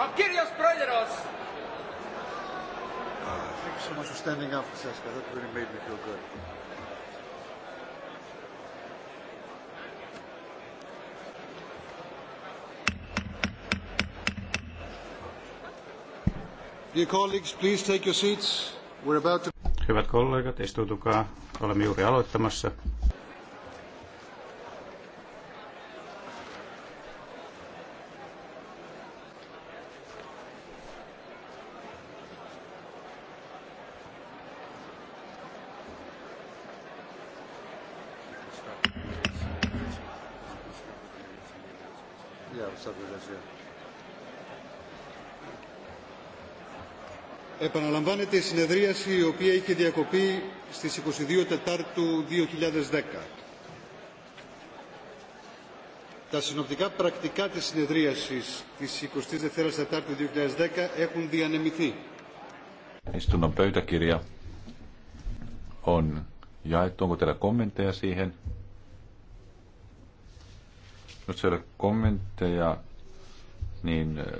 Ah, thank you so much for standing up, Francesca. That really made me feel good. Dear colleagues, please take your seats. We're about to... Hyvät kollegat, istuutukaa. Olemme juuri aloittamassa. Επαναλαμβάνεται η συνεδρίαση η οποία είχε διακοπεί στις 22 Τετάρτου 2010. Τα συνοπτικά πρακτικά της συνεδρίασης της 22 Τετάρτου 2010 έχουν διανεμηθεί. Istunnon pöytäkirja on jaettu. Onko teillä kommentteja siihen? Jos ei kommentteja, niin